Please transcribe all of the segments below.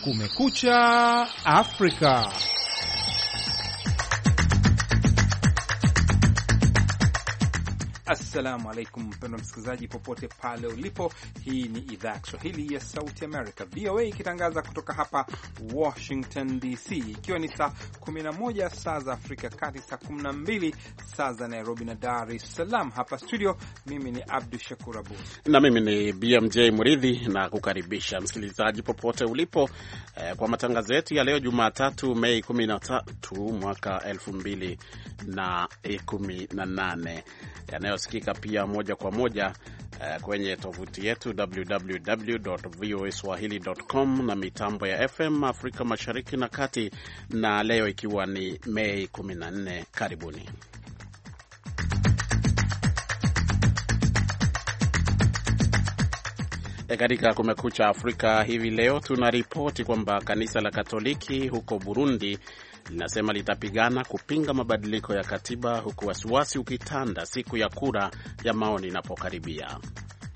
Kumekucha Afrika. Assalamu alaikum mpendwa msikilizaji, popote pale ulipo. Hii ni idhaa ya Kiswahili ya Sauti America, VOA, ikitangaza kutoka hapa Washington DC, ikiwa ni saa 11 saa za Afrika Kati, saa 12 saa za Nairobi na Dar es Salaam. Hapa studio, mimi ni Abdu Shakur abu na mimi ni BMJ mridhi na kukaribisha msikilizaji popote ulipo eh, kwa matangazo yetu ya leo Jumatatu, Mei 13 mwaka 2018 yanayo tunasikika pia moja kwa moja eh, kwenye tovuti yetu voa www.voaswahili.com na mitambo ya FM Afrika Mashariki na Kati, na leo ikiwa ni Mei 14. Karibuni. E, katika Kumekucha Afrika hivi leo tuna ripoti kwamba kanisa la Katoliki huko Burundi linasema litapigana kupinga mabadiliko ya katiba, huku wasiwasi ukitanda siku ya kura ya maoni inapokaribia.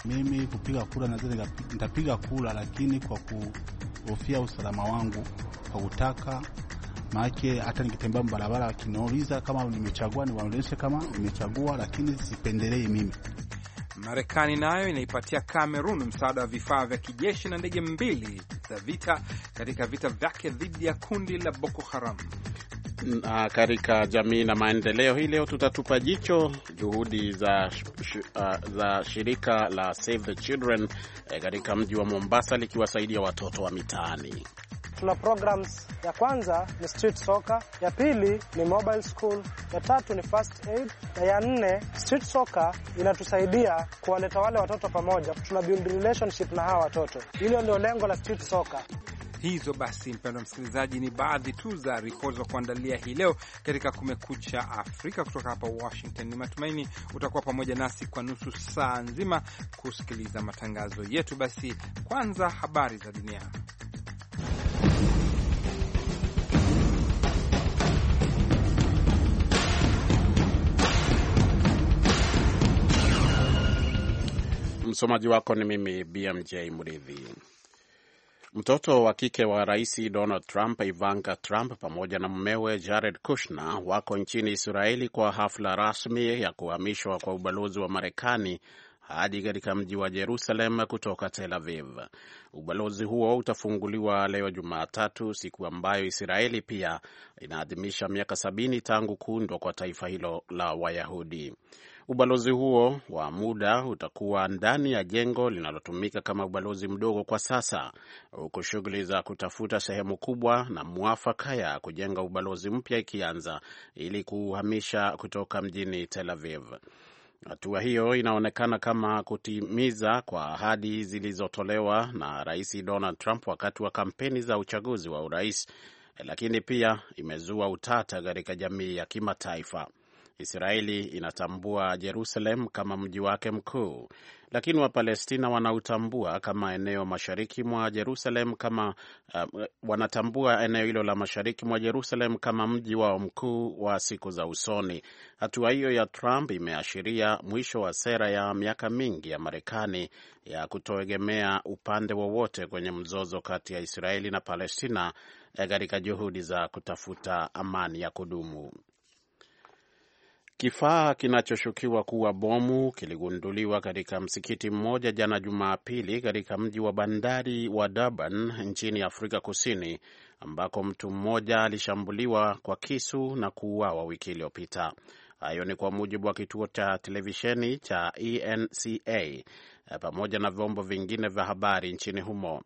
Mimi kupiga kura, nadhani nitapiga kura, lakini kwa kuhofia usalama wangu, kwa kutaka maake, hata nikitembea mbarabara, akiniuliza kama nimechagua, niwaonyeshe kama nimechagua, lakini sipendelei mimi Marekani nayo inaipatia Kamerun msaada wa vifaa vya kijeshi na ndege mbili za vita katika vita vyake dhidi ya kundi la Boko Haram. Na katika jamii na maendeleo, hii leo tutatupa jicho juhudi za, sh, uh, za shirika la Save the Children eh, katika mji wa Mombasa likiwasaidia watoto wa mitaani. Tuna programs, ya kwanza ni street soccer, ya pili ni mobile school, ya tatu ni first aid na ya nne street soccer inatusaidia kuwaleta wale watoto pamoja. Tuna build relationship na hawa watoto, hilo ndio lengo la street soccer. Hizo basi, mpendwa msikilizaji, ni baadhi tu za ripoti za kuandalia hii leo katika Kumekucha Afrika kutoka hapa Washington. Ni matumaini utakuwa pamoja nasi kwa nusu saa nzima kusikiliza matangazo yetu. Basi kwanza, habari za dunia. Msomaji wako ni mimi BMJ Mridhi. Mtoto wa kike wa rais Donald Trump, Ivanka Trump, pamoja na mmewe Jared Kushner wako nchini Israeli kwa hafla rasmi ya kuhamishwa kwa ubalozi wa Marekani hadi katika mji wa Jerusalem kutoka Tel Aviv. Ubalozi huo utafunguliwa leo Jumatatu, siku ambayo Israeli pia inaadhimisha miaka sabini tangu kuundwa kwa taifa hilo la Wayahudi. Ubalozi huo wa muda utakuwa ndani ya jengo linalotumika kama ubalozi mdogo kwa sasa, huku shughuli za kutafuta sehemu kubwa na mwafaka ya kujenga ubalozi mpya ikianza ili kuhamisha kutoka mjini Tel Aviv. Hatua hiyo inaonekana kama kutimiza kwa ahadi zilizotolewa na Rais Donald Trump wakati wa kampeni za uchaguzi wa urais, lakini pia imezua utata katika jamii ya kimataifa. Israeli inatambua Jerusalem kama mji wake mkuu, lakini Wapalestina wanautambua kama eneo mashariki mwa Jerusalem kama uh, wanatambua eneo hilo la mashariki mwa Jerusalem kama mji wao mkuu wa siku za usoni. Hatua hiyo ya Trump imeashiria mwisho wa sera ya miaka mingi ya Marekani ya kutoegemea upande wowote kwenye mzozo kati ya Israeli na Palestina eh, katika juhudi za kutafuta amani ya kudumu. Kifaa kinachoshukiwa kuwa bomu kiligunduliwa katika msikiti mmoja jana Jumapili katika mji wa bandari wa Durban nchini Afrika Kusini, ambako mtu mmoja alishambuliwa kwa kisu na kuuawa wiki iliyopita. Hayo ni kwa mujibu wa kituo cha televisheni cha ENCA pamoja na vyombo vingine vya habari nchini humo.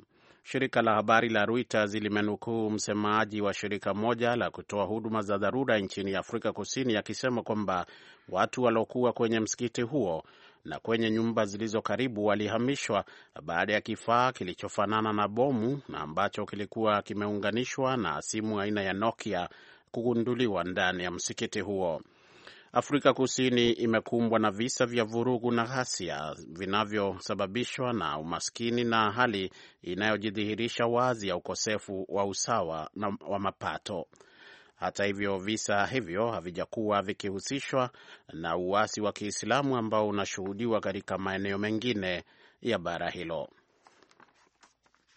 Shirika la habari la Reuters limenukuu msemaji wa shirika moja la kutoa huduma za dharura nchini Afrika Kusini akisema kwamba watu waliokuwa kwenye msikiti huo na kwenye nyumba zilizo karibu walihamishwa baada ya kifaa kilichofanana na bomu na ambacho kilikuwa kimeunganishwa na simu aina ya Nokia kugunduliwa ndani ya msikiti huo. Afrika Kusini imekumbwa na visa vya vurugu na ghasia vinavyosababishwa na umaskini na hali inayojidhihirisha wazi ya ukosefu wa usawa na wa mapato. Hata hivyo, visa hivyo havijakuwa vikihusishwa na uasi wa Kiislamu ambao unashuhudiwa katika maeneo mengine ya bara hilo.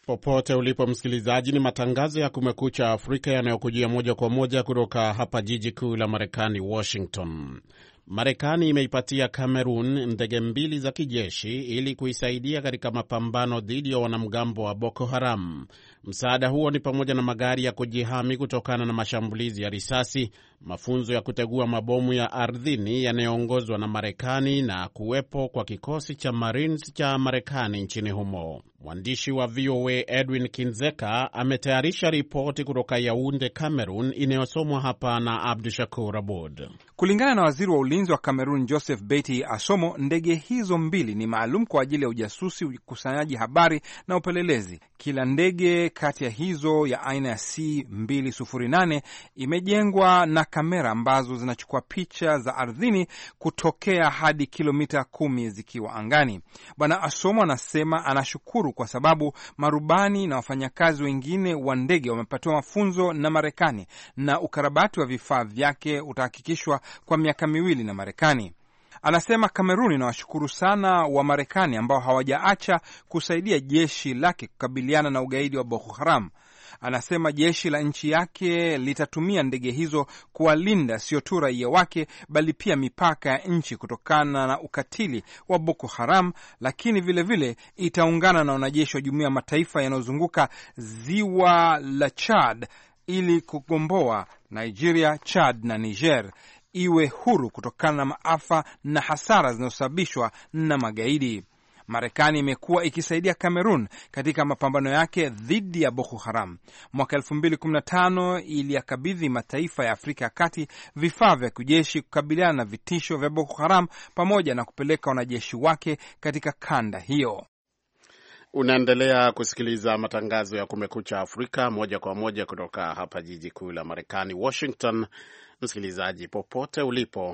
Popote ulipo msikilizaji, ni matangazo ya Kumekucha Afrika yanayokujia moja kwa moja kutoka hapa jiji kuu la Marekani, Washington. Marekani imeipatia Cameroon ndege mbili za kijeshi ili kuisaidia katika mapambano dhidi ya wanamgambo wa Boko Haram. Msaada huo ni pamoja na magari ya kujihami kutokana na mashambulizi ya risasi, mafunzo ya kutegua mabomu ya ardhini yanayoongozwa na Marekani na kuwepo kwa kikosi cha Marines cha Marekani nchini humo. Mwandishi wa VOA Edwin Kinzeka ametayarisha ripoti kutoka Yaunde, Cameroon, inayosomwa hapa na Abdu Shakur Abod. Kulingana na waziri wa ulinzi wa Cameroon Joseph Beti Asomo, ndege hizo mbili ni maalum kwa ajili ya ujasusi, ukusanyaji habari na upelelezi. Kila ndege kati ya hizo ya aina ya C208 imejengwa na kamera ambazo zinachukua picha za ardhini kutokea hadi kilomita kumi zikiwa angani. Bwana Asomo anasema anashukuru kwa sababu marubani na wafanyakazi wengine wa ndege wamepatiwa mafunzo na Marekani na ukarabati wa vifaa vyake utahakikishwa kwa miaka miwili na Marekani. Anasema Kameruni inawashukuru sana wa Marekani ambao hawajaacha kusaidia jeshi lake kukabiliana na ugaidi wa Boko Haram. Anasema jeshi la nchi yake litatumia ndege hizo kuwalinda sio tu raia wake, bali pia mipaka ya nchi kutokana na ukatili wa Boko Haram, lakini vilevile vile itaungana na wanajeshi wa jumuiya ya mataifa yanayozunguka ziwa la Chad ili kugomboa Nigeria, Chad na Niger iwe huru kutokana na maafa na hasara zinazosababishwa na magaidi. Marekani imekuwa ikisaidia Kamerun katika mapambano yake dhidi ya Boko Haram. Mwaka 2015 iliyakabidhi mataifa ya Afrika ya Kati vifaa vya kijeshi kukabiliana na vitisho vya Boko Haram pamoja na kupeleka wanajeshi wake katika kanda hiyo. Unaendelea kusikiliza matangazo ya Kumekucha Afrika moja kwa moja kutoka hapa jiji kuu la Marekani, Washington. Msikilizaji popote ulipo,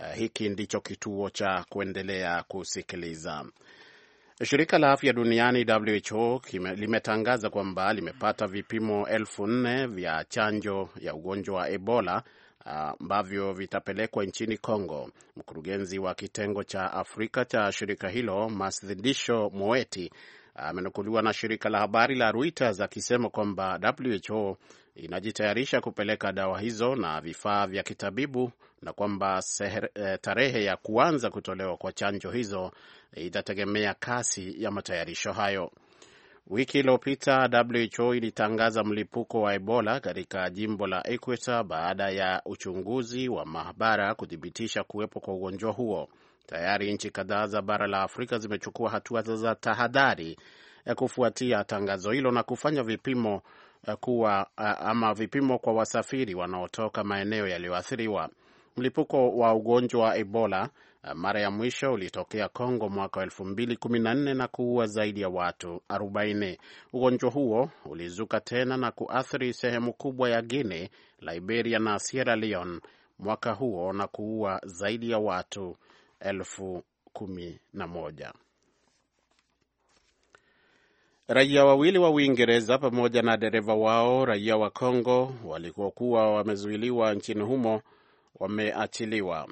uh, hiki ndicho kituo cha kuendelea kusikiliza Shirika la afya duniani WHO limetangaza kwamba limepata vipimo elfu nne vya chanjo ya ugonjwa wa Ebola ah, ambavyo vitapelekwa nchini Congo. Mkurugenzi wa kitengo cha Afrika cha shirika hilo Masdisho Moeti amenukuliwa na shirika la habari la Reuters akisema kwamba WHO inajitayarisha kupeleka dawa hizo na vifaa vya kitabibu na kwamba eh, tarehe ya kuanza kutolewa kwa chanjo hizo itategemea kasi ya matayarisho hayo. Wiki iliyopita WHO ilitangaza mlipuko wa Ebola katika jimbo la Equator baada ya uchunguzi wa maabara kuthibitisha kuwepo kwa ugonjwa huo. Tayari nchi kadhaa za bara la Afrika zimechukua hatua za tahadhari ya eh, kufuatia tangazo hilo na kufanya vipimo eh, kuwa eh, ama vipimo kwa wasafiri wanaotoka maeneo yaliyoathiriwa. Mlipuko wa ugonjwa wa Ebola mara ya mwisho ulitokea Kongo mwaka wa elfu mbili kumi na nne na kuua zaidi ya watu 40. Ugonjwa huo ulizuka tena na kuathiri sehemu kubwa ya guine Liberia na Sierra Leone mwaka huo na kuua zaidi ya watu elfu kumi na moja. Raia wawili wa Uingereza pamoja na dereva wao raia wa congo waliokuwa wamezuiliwa nchini humo wameachiliwa.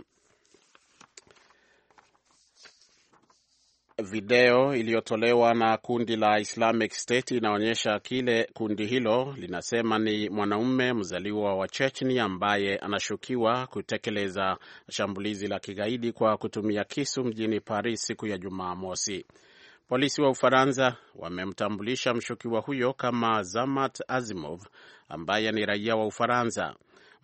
video iliyotolewa na kundi la Islamic State inaonyesha kile kundi hilo linasema ni mwanaume mzaliwa wa Chechni ambaye anashukiwa kutekeleza shambulizi la kigaidi kwa kutumia kisu mjini Paris siku ya Jumamosi. Polisi wa Ufaransa wamemtambulisha mshukiwa huyo kama Zamat Azimov ambaye ni raia wa Ufaransa.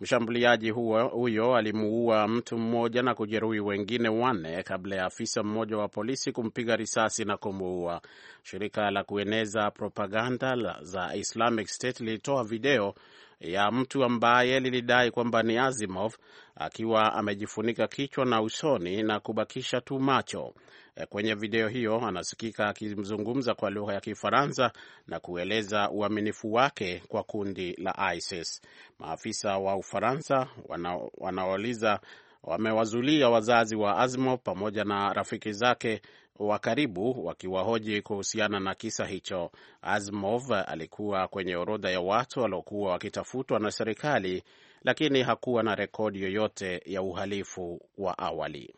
Mshambuliaji huyo alimuua mtu mmoja na kujeruhi wengine wanne kabla ya afisa mmoja wa polisi kumpiga risasi na kumuua. Shirika la kueneza propaganda za Islamic State lilitoa video ya mtu ambaye lilidai kwamba ni Azimov akiwa amejifunika kichwa na usoni na kubakisha tu macho. E, kwenye video hiyo anasikika akizungumza kwa lugha ya Kifaransa na kueleza uaminifu wake kwa kundi la ISIS. Maafisa wa Ufaransa wana, wanaouliza wamewazulia wazazi wa Azimov pamoja na rafiki zake wa karibu wakiwahoji kuhusiana na kisa hicho. Azmov alikuwa kwenye orodha ya watu waliokuwa wakitafutwa na serikali, lakini hakuwa na rekodi yoyote ya uhalifu wa awali.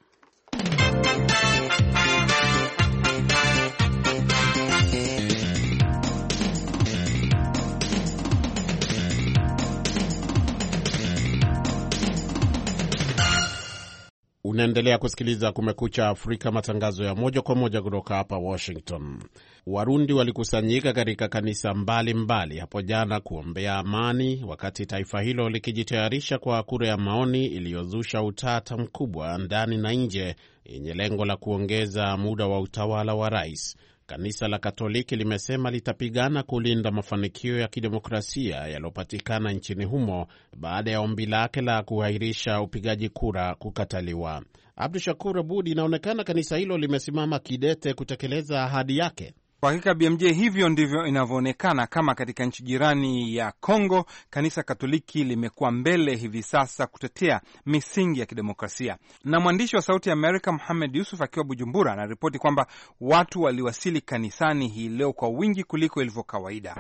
Unaendelea kusikiliza Kumekucha Afrika, matangazo ya moja kwa moja kutoka hapa Washington. Warundi walikusanyika katika kanisa mbalimbali mbali hapo jana kuombea amani, wakati taifa hilo likijitayarisha kwa kura ya maoni iliyozusha utata mkubwa ndani na nje, yenye lengo la kuongeza muda wa utawala wa rais. Kanisa la Katoliki limesema litapigana kulinda mafanikio ya kidemokrasia yaliyopatikana nchini humo baada ya ombi lake la kuahirisha upigaji kura kukataliwa. Abdu Shakur Abud, inaonekana kanisa hilo limesimama kidete kutekeleza ahadi yake. Kwa hakika BMJ, hivyo ndivyo inavyoonekana. Kama katika nchi jirani ya Kongo, kanisa Katoliki limekuwa mbele hivi sasa kutetea misingi ya kidemokrasia. Na mwandishi wa Sauti ya Amerika Muhamed Yusuf akiwa Bujumbura anaripoti kwamba watu waliwasili kanisani hii leo kwa wingi kuliko ilivyo kawaida.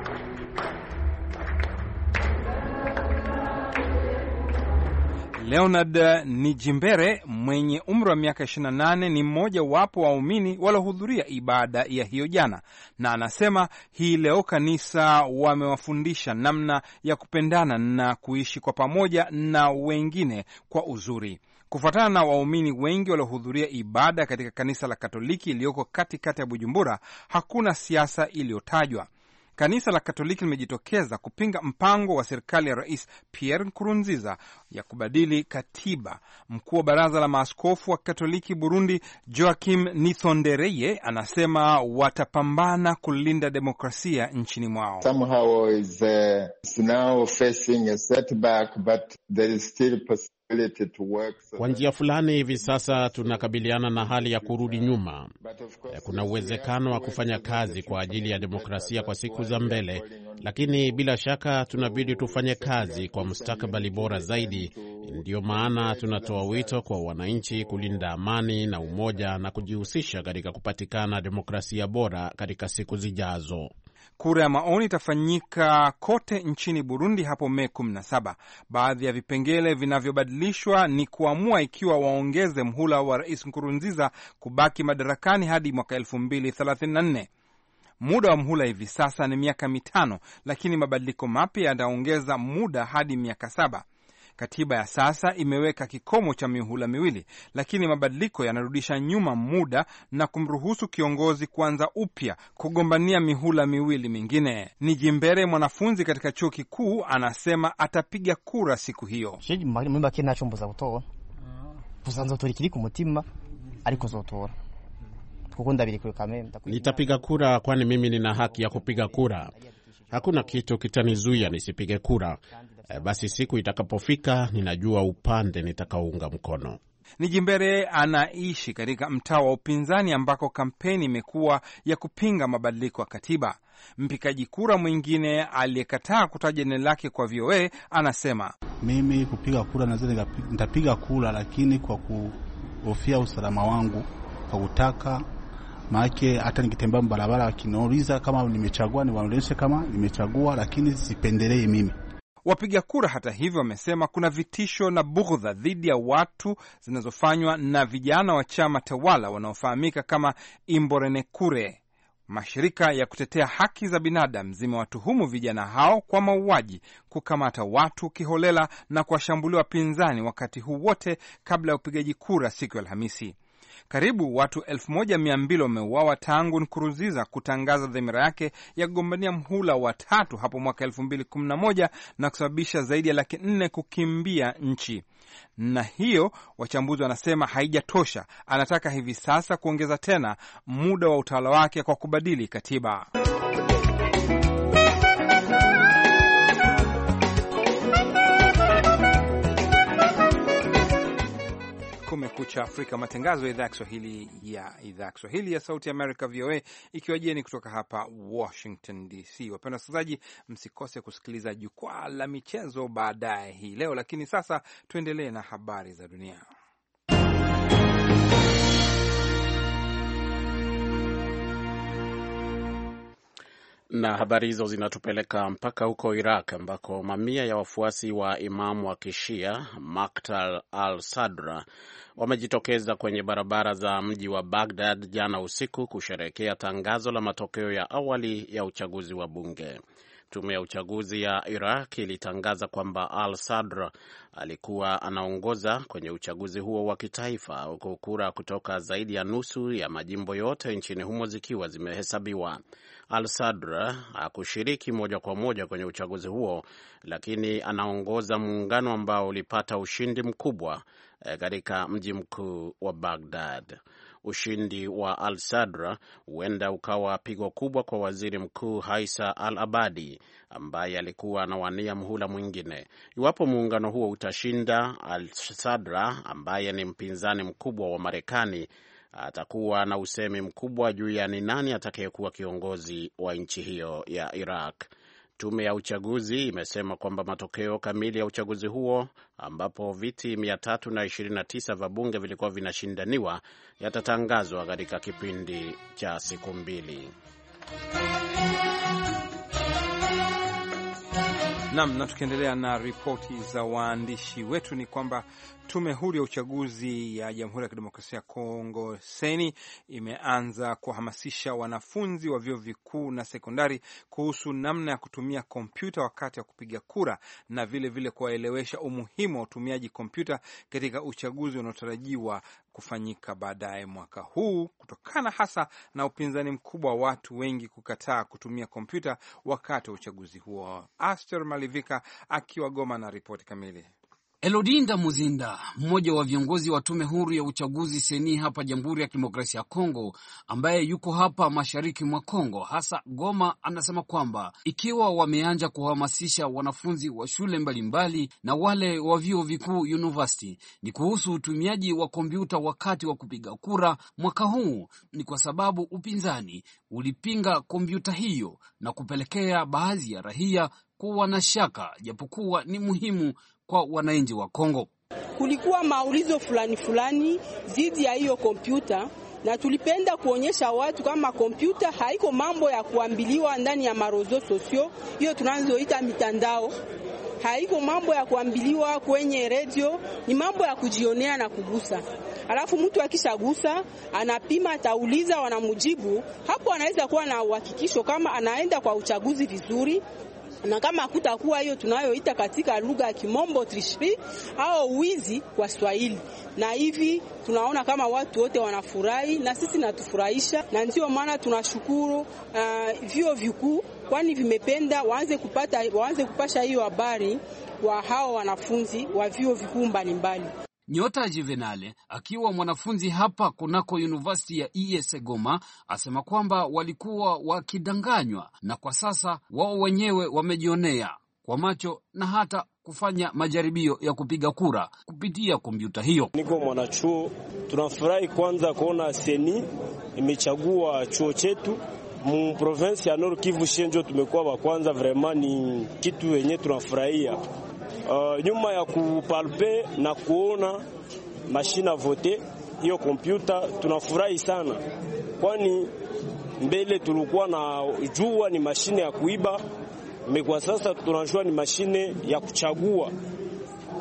Leonard Nijimbere mwenye umri wa miaka 28 ni mmoja wapo waumini waliohudhuria ibada ya hiyo jana, na anasema hii leo kanisa wamewafundisha namna ya kupendana na kuishi kwa pamoja na wengine kwa uzuri. Kufuatana na waumini wengi waliohudhuria ibada katika kanisa la Katoliki iliyoko katikati ya Bujumbura, hakuna siasa iliyotajwa. Kanisa la Katoliki limejitokeza kupinga mpango wa serikali ya Rais Pierre Nkurunziza ya kubadili katiba. Mkuu wa baraza la maaskofu wa Katoliki Burundi, Joachim Nithondereye, anasema watapambana kulinda demokrasia nchini mwao. Somehow is, uh, is now facing a setback, but there is still kwa njia fulani, hivi sasa tunakabiliana na hali ya kurudi nyuma. Eh, kuna uwezekano wa kufanya kazi kwa ajili ya demokrasia kwa siku za mbele, lakini bila shaka tunabidi tufanye kazi kwa mustakabali bora zaidi. Ndiyo maana tunatoa wito kwa wananchi kulinda amani na umoja na kujihusisha katika kupatikana demokrasia bora katika siku zijazo. Kura ya maoni itafanyika kote nchini Burundi hapo Mei 17. Baadhi ya vipengele vinavyobadilishwa ni kuamua ikiwa waongeze mhula wa Rais Nkurunziza kubaki madarakani hadi mwaka 2034. Muda wa mhula hivi sasa ni miaka mitano, lakini mabadiliko mapya yataongeza muda hadi miaka saba. Katiba ya sasa imeweka kikomo cha mihula miwili, lakini mabadiliko yanarudisha nyuma muda na kumruhusu kiongozi kuanza upya kugombania mihula miwili mingine. Ni Jimbere, mwanafunzi katika chuo kikuu, anasema atapiga kura siku hiyo. Nitapiga kura, kwani mimi nina haki ya kupiga kura hakuna kitu kitanizuia nisipige kura. Eh, basi siku itakapofika, ninajua upande nitakaounga mkono. Nijimbere anaishi katika mtaa wa upinzani ambako kampeni imekuwa ya kupinga mabadiliko ya katiba. Mpigaji kura mwingine aliyekataa kutaja neno lake kwa VOA anasema, mimi kupiga kura naweza nitapiga kura, lakini kwa kuhofia usalama wangu, kwa kutaka maake hata nikitembea mbarabara wakiniuliza kama nimechagua, niwaonyeshe kama nimechagua, lakini sipendelee mimi. Wapiga kura hata hivyo wamesema kuna vitisho na bughudha dhidi ya watu zinazofanywa na vijana wa chama tawala wanaofahamika kama Imbonerakure. Mashirika ya kutetea haki za binadamu zimewatuhumu vijana hao kwa mauaji, kukamata watu kiholela na kuwashambulia wapinzani wakati huu wote kabla ya upigaji kura siku ya Alhamisi. Karibu watu elfu wameuawa tangu nkuruziza kutangaza dhamira yake ya kugombania mhula wa tatu hapo mwaka 211 na kusababisha zaidi ya laki nne kukimbia nchi. Na hiyo wachambuzi wanasema haijatosha. Anataka hivi sasa kuongeza tena muda wa utawala wake kwa kubadili katiba. Kumekucha Afrika, matangazo ya idhaa ya Kiswahili ya idhaa ya Kiswahili ya Sauti ya Amerika, VOA, ikiwa jieni kutoka hapa Washington DC. Wapenda wasikilizaji, msikose kusikiliza jukwaa la michezo baadaye hii leo, lakini sasa tuendelee na habari za dunia. Na habari hizo zinatupeleka mpaka huko Iraq ambako mamia ya wafuasi wa imamu wa kishia Maktal al Sadra wamejitokeza kwenye barabara za mji wa Bagdad jana usiku kusherehekea tangazo la matokeo ya awali ya uchaguzi wa bunge. Tume ya uchaguzi ya Iraq ilitangaza kwamba Al sadr alikuwa anaongoza kwenye uchaguzi huo wa kitaifa, huku kura kutoka zaidi ya nusu ya majimbo yote nchini humo zikiwa zimehesabiwa. Al sadr hakushiriki moja kwa moja kwenye uchaguzi huo, lakini anaongoza muungano ambao ulipata ushindi mkubwa eh, katika mji mkuu wa Baghdad. Ushindi wa al Sadra huenda ukawa pigo kubwa kwa waziri mkuu Haisa al Abadi ambaye alikuwa anawania mhula mwingine. Iwapo muungano huo utashinda, al Sadra ambaye ni mpinzani mkubwa wa Marekani atakuwa na usemi mkubwa juu ya ni nani atakayekuwa kiongozi wa nchi hiyo ya Iraq. Tume ya uchaguzi imesema kwamba matokeo kamili ya uchaguzi huo ambapo viti 329 vya bunge vilikuwa vinashindaniwa yatatangazwa katika kipindi cha siku mbili. Nam, na tukiendelea na ripoti za waandishi wetu ni kwamba Tume huru ya uchaguzi ya Jamhuri ya Kidemokrasia ya Kongo seni imeanza kuwahamasisha wanafunzi wa vyuo vikuu na sekondari kuhusu namna ya kutumia kompyuta wakati wa kupiga kura na vilevile kuwaelewesha umuhimu wa utumiaji kompyuta katika uchaguzi unaotarajiwa kufanyika baadaye mwaka huu, kutokana hasa na upinzani mkubwa wa watu wengi kukataa kutumia kompyuta wakati wa uchaguzi huo. Aster Malivika akiwa Goma na ripoti kamili. Elodinda Muzinda, mmoja wa viongozi wa tume huru ya uchaguzi seni hapa Jamhuri ya Kidemokrasia ya Kongo, ambaye yuko hapa mashariki mwa Kongo, hasa Goma, anasema kwamba ikiwa wameanja kuhamasisha wanafunzi wa shule mbalimbali na wale wa vyuo vikuu university ni kuhusu utumiaji wa kompyuta wakati wa kupiga kura mwaka huu, ni kwa sababu upinzani ulipinga kompyuta hiyo na kupelekea baadhi ya raia kuwa na shaka, japokuwa ni muhimu kwa wananchi wa Kongo. Kulikuwa maulizo fulani fulani dhidi ya hiyo kompyuta na tulipenda kuonyesha watu kama kompyuta haiko mambo ya kuambiliwa ndani ya marozo sosio, hiyo tunazoita mitandao, haiko mambo ya kuambiliwa kwenye redio, ni mambo ya kujionea na kugusa. Alafu mtu akishagusa anapima, atauliza, wanamujibu. Hapo anaweza kuwa na uhakikisho kama anaenda kwa uchaguzi vizuri na kama hakutakuwa hiyo tunayoita katika lugha ya Kimombo trishpi au wizi kwa Swahili. Na hivi tunaona kama watu wote wanafurahi na sisi natufurahisha, na ndio maana tunashukuru uh, vyuo vikuu kwani vimependa waanze kupata waanze kupasha hiyo habari wa hao wanafunzi wa vyuo vikuu mbalimbali. Nyota Jivenale akiwa mwanafunzi hapa kunako University ya ES Goma asema kwamba walikuwa wakidanganywa na kwa sasa wao wenyewe wamejionea kwa macho na hata kufanya majaribio ya kupiga kura kupitia kompyuta hiyo. Niko mwanachuo, tunafurahi kwanza kuona seni imechagua chuo chetu mu province ya Nord Kivu Shenjo, tumekuwa wa kwanza. Vraiment ni kitu yenye tunafurahia. Euh, nyuma ya kupalpe na kuona mashina vote hiyo kompyuta, tunafurahi sana, kwani mbele tulikuwa na jua ni mashine ya kuiba mekwa, sasa tunajua ni mashine ya kuchagua.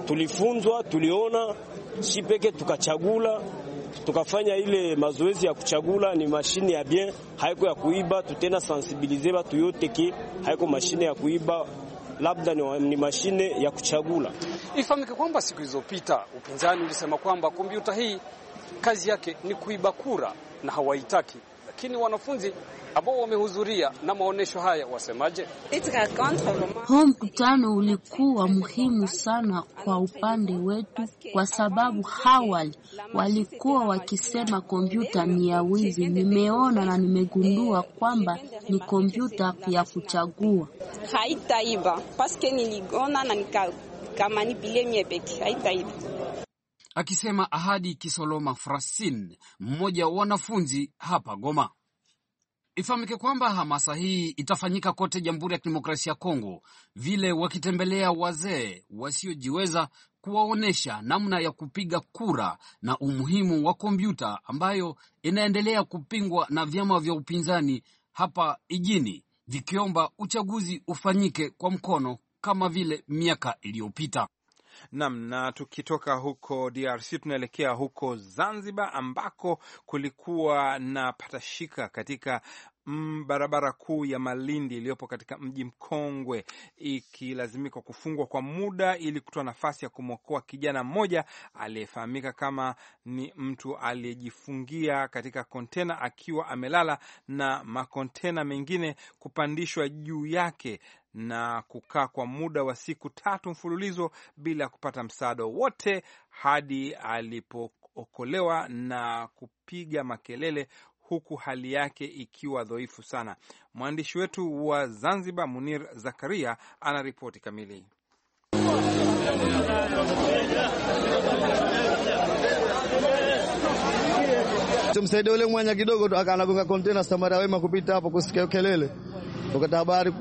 Tulifunzwa, tuliona si peke, tukachagula tukafanya ile mazoezi ya kuchagula. Ni mashine ya bien, haiko ya kuiba. Tutena sensibilize batu yote ke haiko mashine ya kuiba labda ni, ni mashine ya kuchagula. Ifahamike kwamba siku zilizopita upinzani ulisema kwamba kompyuta hii kazi yake ni kuiba kura na hawaitaki lakini wanafunzi ambao wamehudhuria na maonyesho haya wasemaje? Huu mkutano ulikuwa muhimu sana kwa upande wetu, kwa sababu hawali walikuwa wakisema kompyuta ni ya wizi. Nimeona na nimegundua kwamba ni kompyuta ya kuchagua haitaiba paske niligona na nikamanipilie mie peke haitaiba akisema Ahadi Kisoloma Frasin, mmoja wa wanafunzi hapa Goma. Ifahamike kwamba hamasa hii itafanyika kote Jamhuri ya Kidemokrasia ya Kongo, vile wakitembelea wazee wasiojiweza kuwaonyesha namna ya kupiga kura na umuhimu wa kompyuta ambayo inaendelea kupingwa na vyama vya upinzani hapa ijini, vikiomba uchaguzi ufanyike kwa mkono kama vile miaka iliyopita. Nam, na tukitoka huko DRC tunaelekea huko Zanzibar ambako kulikuwa na patashika katika mm, barabara kuu ya Malindi iliyopo katika mji mkongwe ikilazimika kufungwa kwa muda ili kutoa nafasi ya kumwokoa kijana mmoja aliyefahamika kama ni mtu aliyejifungia katika kontena akiwa amelala na makontena mengine kupandishwa juu yake na kukaa kwa muda wa siku tatu mfululizo bila kupata msaada wowote hadi alipookolewa na kupiga makelele huku hali yake ikiwa dhoifu sana. Mwandishi wetu wa Zanzibar, Munir Zakaria, ana ripoti kamili. Tumsaidia ule mwanya kidogo tu, akanagonga kontena, Samara Wema kupita hapo, kusikia kelele, ukata habari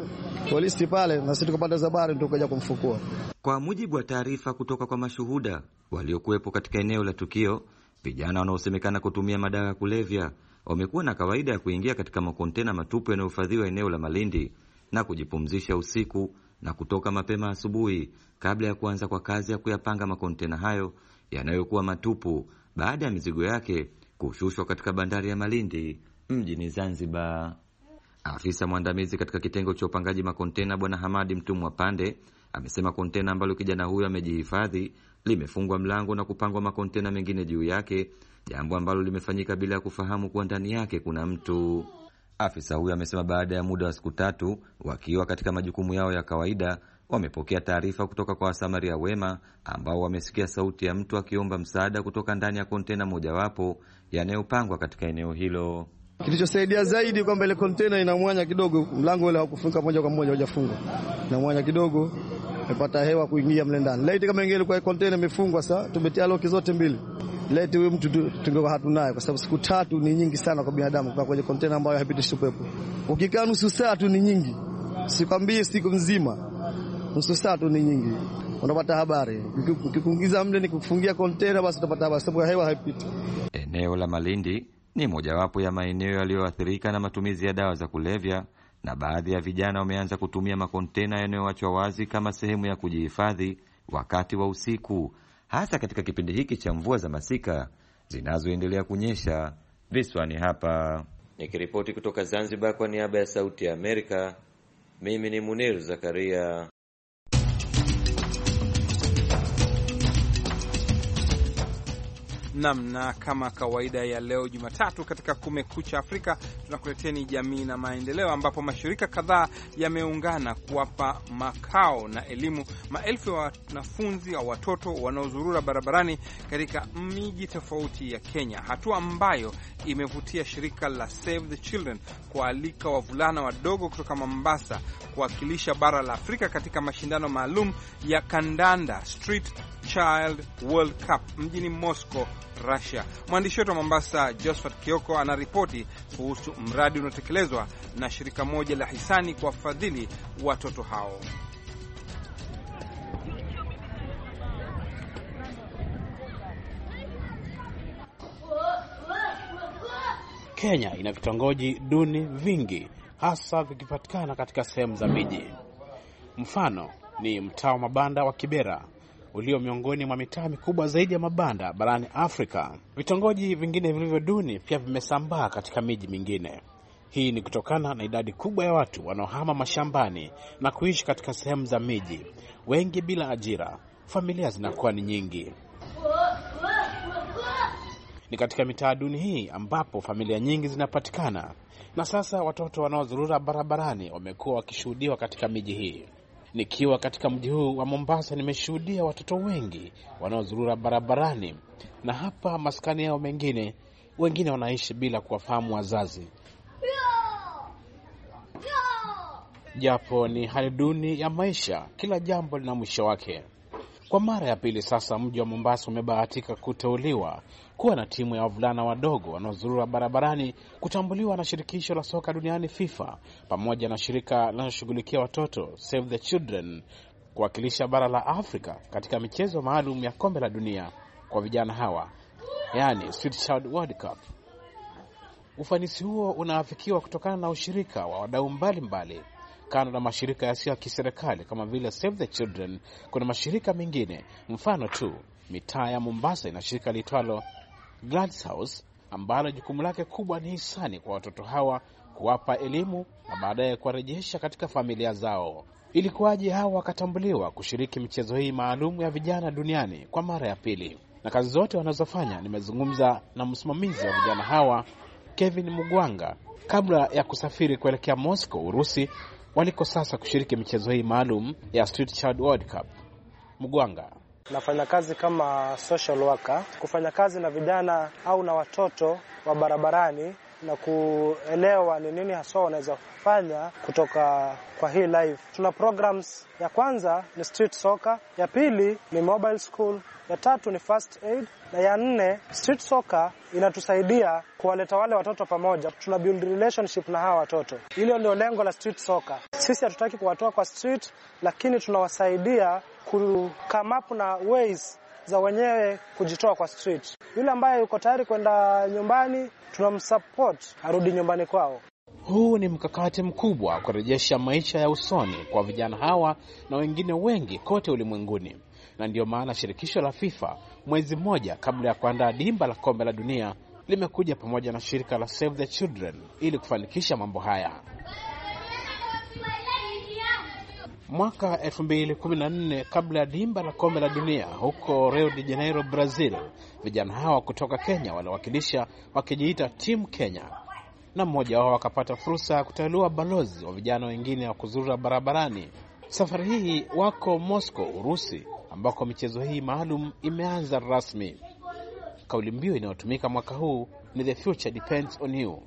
polisi pale, na sisi tukapata habari ndio tukaja kumfukua. Kwa mujibu wa taarifa kutoka kwa mashuhuda waliokuwepo katika eneo la tukio, vijana wanaosemekana kutumia madawa ya kulevya wamekuwa na kawaida ya kuingia katika makontena matupu yanayohifadhiwa eneo la Malindi na kujipumzisha usiku na kutoka mapema asubuhi kabla ya kuanza kwa kazi ya kuyapanga makontena hayo yanayokuwa matupu baada ya mizigo yake kushushwa katika bandari ya Malindi mjini Zanzibar. Afisa mwandamizi katika kitengo cha upangaji makontena Bwana Hamadi Mtumwa Pande amesema kontena ambalo kijana huyo amejihifadhi limefungwa mlango na kupangwa makontena mengine juu yake, jambo ambalo limefanyika bila ya kufahamu kuwa ndani yake kuna mtu. Afisa huyo amesema baada ya muda wa siku tatu wakiwa katika majukumu yao ya kawaida, wamepokea taarifa kutoka kwa wasamaria wema ambao wamesikia sauti ya mtu akiomba msaada kutoka ndani ya kontena mojawapo yanayopangwa katika eneo hilo. Kilichosaidia zaidi kwamba ile kontena ina mwanya kidogo, mlango ule haukufunga moja kwa moja, hujafungwa na mwanya kidogo, amepata hewa kuingia mle ndani. Laiti kama ingeli kwa kontena imefungwa, sasa tumetia loki zote mbili leti huyu mtu tungekuwa hatunaye, kwa sababu siku tatu ni nyingi sana kwa binadamu kukaa kwenye kontena ambayo haipitishi upepo. Ukikaa nusu saa tu ni nyingi, sikwambie siku nzima, nusu saa tu ni nyingi, unapata habari. Ukikuingiza mle ni kufungia kontena, basi utapata habari, sababu hewa haipiti. Eneo la Malindi ni mojawapo ya maeneo yaliyoathirika na matumizi ya dawa za kulevya, na baadhi ya vijana wameanza kutumia makontena yanayoachwa wazi kama sehemu ya kujihifadhi wakati wa usiku, hasa katika kipindi hiki cha mvua za masika zinazoendelea kunyesha visiwani hapa. Nikiripoti kutoka Zanzibar kwa niaba ya Sauti ya Amerika, mimi ni Munir Zakaria. namna kama kawaida ya leo Jumatatu katika Kumekucha Afrika ni jamii na maendeleo, ambapo mashirika kadhaa yameungana kuwapa makao na elimu maelfu ya wanafunzi au watoto wanaozurura barabarani katika miji tofauti ya Kenya, hatua ambayo imevutia shirika la Save the Children kualika wavulana wadogo kutoka Mombasa kuwakilisha bara la Afrika katika mashindano maalum ya kandanda street Child World Cup mjini Moscow, Russia. Mwandishi wetu wa Mombasa Josephat Kioko anaripoti kuhusu mradi unaotekelezwa na shirika moja la hisani kwa fadhili watoto hao. Kenya ina vitongoji duni vingi hasa vikipatikana katika sehemu za miji. Mfano ni mtaa wa mabanda wa Kibera ulio miongoni mwa mitaa mikubwa zaidi ya mabanda barani Afrika. Vitongoji vingine vilivyo duni pia vimesambaa katika miji mingine. Hii ni kutokana na idadi kubwa ya watu wanaohama mashambani na kuishi katika sehemu za miji, wengi bila ajira. Familia zinakuwa ni nyingi. Ni katika mitaa duni hii ambapo familia nyingi zinapatikana, na sasa watoto wanaozurura barabarani wamekuwa wakishuhudiwa katika miji hii. Nikiwa katika mji huu wa Mombasa, nimeshuhudia watoto wengi wanaozurura barabarani na hapa maskani yao mengine, wengine wanaishi bila kuwafahamu wazazi, japo ni hali duni ya maisha. Kila jambo lina mwisho wake. Kwa mara ya pili sasa, mji wa Mombasa umebahatika kuteuliwa kuwa na timu ya wavulana wadogo wanaozurura barabarani kutambuliwa na shirikisho la soka duniani FIFA pamoja na shirika linaloshughulikia watoto Save the Children kuwakilisha bara la Afrika katika michezo maalum ya kombe la dunia kwa vijana hawa, yani Sweet Child World Cup. Ufanisi huo unaafikiwa kutokana na ushirika wa wadau mbalimbali. Kando na mashirika yasiyo ya kiserikali kama vile Save the Children, kuna mashirika mengine, mfano tu mitaa ya Mombasa ina shirika liitwalo Gladhouse ambalo jukumu lake kubwa ni hisani kwa watoto hawa, kuwapa elimu na baadaye kuwarejesha katika familia zao. Ilikuwaje hawa wakatambuliwa kushiriki michezo hii maalum ya vijana duniani kwa mara ya pili na kazi zote wanazofanya? Nimezungumza na msimamizi wa vijana hawa Kevin Mugwanga kabla ya kusafiri kuelekea Moscow, Urusi, waliko sasa kushiriki michezo hii maalum ya Street Child World Cup. Mugwanga nafanya kazi kama social worker, kufanya kazi na vijana au na watoto wa barabarani na kuelewa ni nini haswa wanaweza kufanya kutoka kwa hii life. Tuna programs, ya kwanza ni street soccer, ya pili ni mobile school, ya tatu ni first aid na ya nne street soccer inatusaidia kuwaleta wale watoto pamoja, tuna build relationship na hawa watoto. Hilo ndio lengo la street soccer. Sisi hatutaki kuwatoa kwa street, lakini tunawasaidia ku up na ways za wenyewe kujitoa kwa street. Yule ambaye yuko tayari kwenda nyumbani tunamsupport arudi nyumbani kwao. Huu ni mkakati mkubwa wa kurejesha maisha ya usoni kwa vijana hawa na wengine wengi kote ulimwenguni, na ndiyo maana shirikisho la FIFA mwezi mmoja kabla ya kuandaa dimba la kombe la dunia limekuja pamoja na shirika la Save the Children ili kufanikisha mambo haya mwaka 2014 kabla ya dimba la kombe la dunia huko Rio de Janeiro, Brazil. Vijana hawa kutoka Kenya waliwakilisha wakijiita timu Kenya, na mmoja wao akapata fursa ya kuteuliwa balozi wa vijana wengine wa kuzurura barabarani. Safari hii wako Moscow, Urusi, ambako michezo hii maalum imeanza rasmi. Kauli mbiu inayotumika mwaka huu ni the future depends on you,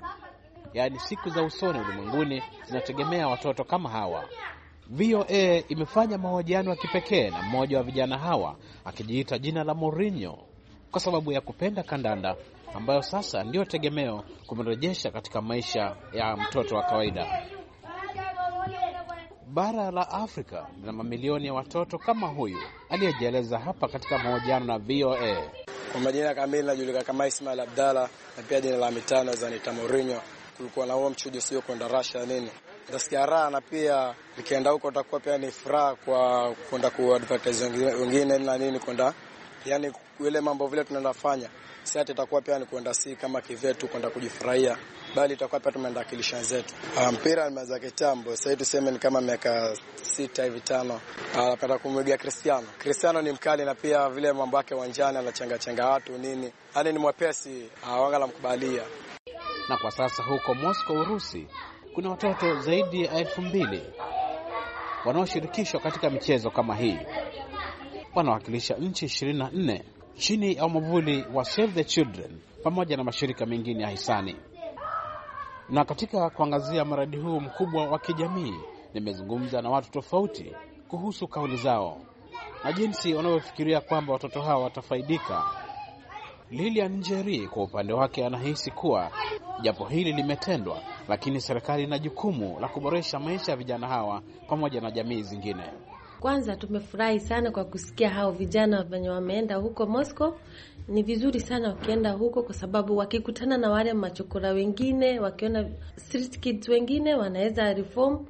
yaani siku za usoni ulimwenguni zinategemea watoto kama hawa. VOA imefanya mahojiano ya kipekee na mmoja wa vijana hawa akijiita jina la Mourinho kwa sababu ya kupenda kandanda ambayo sasa ndiyo tegemeo kumrejesha katika maisha ya mtoto wa kawaida. Bara la Afrika lina mamilioni ya watoto kama huyu aliyejieleza hapa katika mahojiano na VOA. Kwa majina kamili najulikana kama Ismail Abdalla na pia jina la mitano zanita Mourinho. Kulikuwa na huo mchujo sio kwenda Russia nini nitasikia raha, na pia nikienda huko utakuwa pia ni furaha kwa kwenda ku advertise wengine na nini, kwenda yani ile mambo vile tunafanya si hata itakuwa pia ni kwenda si kama kivetu kwenda kujifurahia, bali itakuwa pia tumeenda akilisha zetu. Ah, mpira nimeanza kitambo, sasa hivi tuseme ni kama miaka sita hivi tano. Ah, napenda kumwiga Cristiano. Cristiano ni mkali na pia vile mambo yake uwanjani anachanga changa watu nini, yaani ni mwepesi, ah, wanga la mkubalia. Na kwa sasa huko Moscow, Urusi kuna watoto zaidi ya elfu mbili wanaoshirikishwa katika michezo kama hii. Wanawakilisha nchi 24 chini ya mwavuli wa Save the Children pamoja na mashirika mengine ya hisani. Na katika kuangazia mradi huu mkubwa wa kijamii, nimezungumza na watu tofauti kuhusu kauli zao na jinsi wanavyofikiria kwamba watoto hawa watafaidika Lilian Njeri kwa upande wake anahisi kuwa japo hili limetendwa, lakini serikali ina jukumu la kuboresha maisha ya vijana hawa pamoja na jamii zingine. Kwanza tumefurahi sana kwa kusikia hao vijana wenye wameenda huko Moscow. Ni vizuri sana ukienda huko, kwa sababu wakikutana na wale machokora wengine, wakiona street kids wengine wanaweza reform.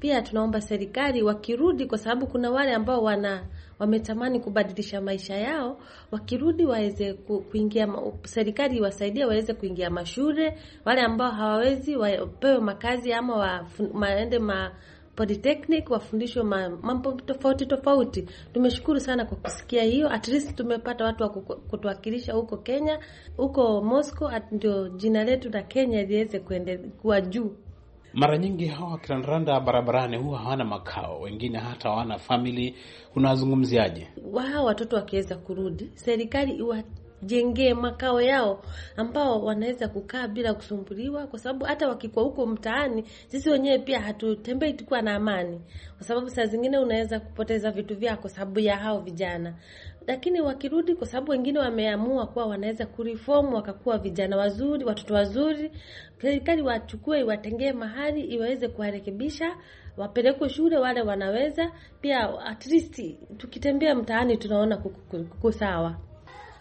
Pia tunaomba serikali wakirudi, kwa sababu kuna wale ambao wana wametamani kubadilisha maisha yao, wakirudi waweze kuingia, serikali iwasaidie waweze kuingia mashule. Wale ambao hawawezi wapewe makazi ama waende ma polytechnic wafundishwe mambo tofauti tofauti. Tumeshukuru sana kwa kusikia hiyo, at least tumepata watu wa kutuwakilisha huko Kenya, huko Moscow, ndio jina letu la Kenya liweze kuwa juu. Mara nyingi hawa wakirandaranda barabarani huwa hawana makao, wengine hata hawana famili. Unawazungumziaje wao? watoto? Wakiweza kurudi, serikali iwajengee makao yao ambao wanaweza kukaa bila kusumbuliwa, kwa sababu hata wakikuwa huko mtaani, sisi wenyewe pia hatutembei tukiwa na amani, kwa sababu saa zingine unaweza kupoteza vitu vyako sababu ya hao vijana lakini wakirudi, kwa sababu wengine wameamua kuwa wanaweza kureform wakakuwa vijana wazuri, watoto wazuri, serikali wachukue, iwatengee mahali iwaweze kuwarekebisha, wapelekwe shule wale wanaweza pia. At least tukitembea mtaani tunaona kuko sawa.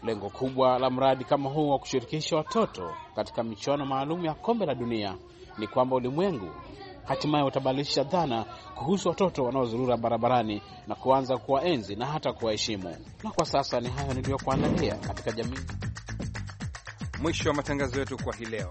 Lengo kubwa la mradi kama huu wa kushirikisha watoto katika michuano maalum ya kombe la dunia ni kwamba ulimwengu hatimaye utabadilisha dhana kuhusu watoto wanaozurura barabarani na kuanza kuwaenzi na hata kuwaheshimu. Na kwa sasa ni hayo niliyokuandalia katika jamii. Mwisho wa matangazo yetu kwa hii leo.